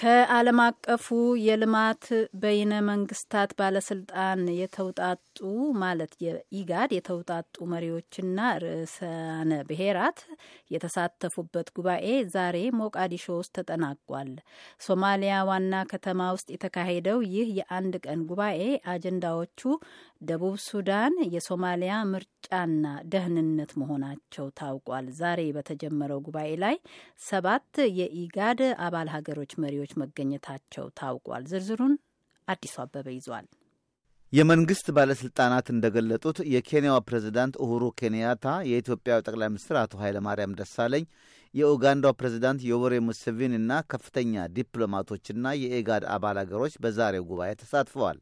ከዓለም አቀፉ የልማት በይነ መንግስታት ባለስልጣን የተውጣጡ ማለት የኢጋድ የተውጣጡ መሪዎችና ርዕሳነ ብሔራት የተሳተፉበት ጉባኤ ዛሬ ሞቃዲሾ ውስጥ ተጠናቋል። ሶማሊያ ዋና ከተማ ውስጥ የተካሄደው ይህ የአንድ ቀን ጉባኤ አጀንዳዎቹ ደቡብ ሱዳን፣ የሶማሊያ ምርጫና ደህንነት መሆናቸው ታውቋል። ዛሬ በተጀመረው ጉባኤ ላይ ሰባት የኢጋድ አባል ሀገሮች መሪዎች ተማሪዎች መገኘታቸው ታውቋል። ዝርዝሩን አዲሱ አበበ ይዟል። የመንግስት ባለስልጣናት እንደገለጡት የኬንያው ፕሬዚዳንት ኡሁሩ ኬንያታ፣ የኢትዮጵያው ጠቅላይ ሚኒስትር አቶ ኃይለማርያም ደሳለኝ፣ የኡጋንዳው ፕሬዚዳንት ዮወሬ እና ከፍተኛ ዲፕሎማቶችና የኤጋድ አባል አገሮች በዛሬው ጉባኤ ተሳትፈዋል።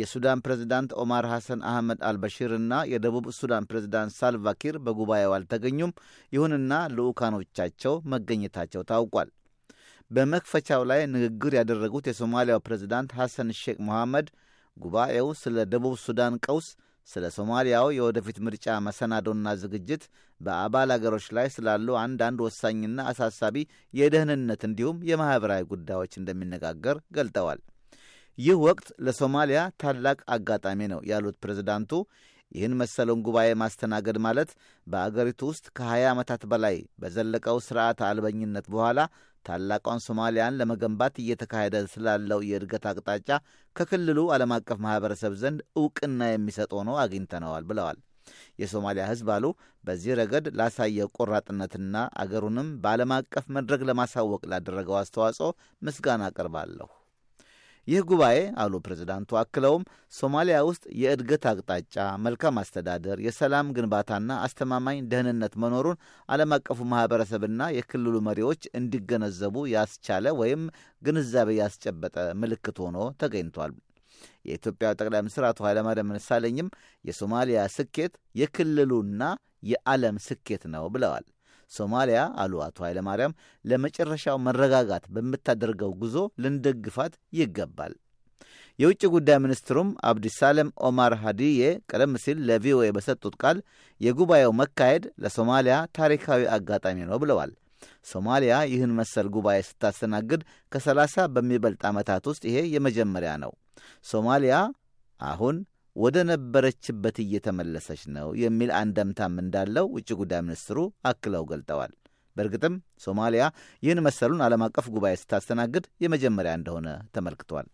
የሱዳን ፕሬዚዳንት ኦማር ሐሰን አህመድ አልበሺር እና የደቡብ ሱዳን ፕሬዚዳንት ሳልቫኪር በጉባኤው አልተገኙም። ይሁንና ልዑካኖቻቸው መገኘታቸው ታውቋል። በመክፈቻው ላይ ንግግር ያደረጉት የሶማሊያው ፕሬዚዳንት ሐሰን ሼክ መሐመድ ጉባኤው ስለ ደቡብ ሱዳን ቀውስ፣ ስለ ሶማሊያው የወደፊት ምርጫ መሰናዶና ዝግጅት፣ በአባል አገሮች ላይ ስላሉ አንዳንድ ወሳኝና አሳሳቢ የደህንነት እንዲሁም የማኅበራዊ ጉዳዮች እንደሚነጋገር ገልጠዋል። ይህ ወቅት ለሶማሊያ ታላቅ አጋጣሚ ነው ያሉት ፕሬዚዳንቱ ይህን መሰለውን ጉባኤ ማስተናገድ ማለት በአገሪቱ ውስጥ ከ20 ዓመታት በላይ በዘለቀው ሥርዓት አልበኝነት በኋላ ታላቋን ሶማሊያን ለመገንባት እየተካሄደ ስላለው የእድገት አቅጣጫ ከክልሉ ዓለም አቀፍ ማህበረሰብ ዘንድ እውቅና የሚሰጥ ሆኖ አግኝተነዋል ብለዋል። የሶማሊያ ሕዝብ አሉ በዚህ ረገድ ላሳየው ቆራጥነትና አገሩንም በዓለም አቀፍ መድረክ ለማሳወቅ ላደረገው አስተዋጽኦ ምስጋና አቀርባለሁ። ይህ ጉባኤ አሉ ፕሬዚዳንቱ አክለውም ሶማሊያ ውስጥ የእድገት አቅጣጫ፣ መልካም አስተዳደር፣ የሰላም ግንባታና አስተማማኝ ደህንነት መኖሩን ዓለም አቀፉ ማህበረሰብና የክልሉ መሪዎች እንዲገነዘቡ ያስቻለ ወይም ግንዛቤ ያስጨበጠ ምልክት ሆኖ ተገኝቷል። የኢትዮጵያ ጠቅላይ ሚኒስትር አቶ ኃይለማርያም ደሳለኝም የሶማሊያ ስኬት የክልሉና የዓለም ስኬት ነው ብለዋል። ሶማሊያ አሉ አቶ ኃይለማርያም ለመጨረሻው መረጋጋት በምታደርገው ጉዞ ልንደግፋት ይገባል። የውጭ ጉዳይ ሚኒስትሩም አብዲሳለም ኦማር ሃዲዬ ቀደም ሲል ለቪኦኤ በሰጡት ቃል የጉባኤው መካሄድ ለሶማሊያ ታሪካዊ አጋጣሚ ነው ብለዋል። ሶማሊያ ይህን መሰል ጉባኤ ስታስተናግድ ከ ከ30 በሚበልጥ ዓመታት ውስጥ ይሄ የመጀመሪያ ነው። ሶማሊያ አሁን ወደ ነበረችበት እየተመለሰች ነው የሚል አንደምታም እንዳለው ውጭ ጉዳይ ሚኒስትሩ አክለው ገልጠዋል። በእርግጥም ሶማሊያ ይህን መሰሉን ዓለም አቀፍ ጉባኤ ስታስተናግድ የመጀመሪያ እንደሆነ ተመልክቷል።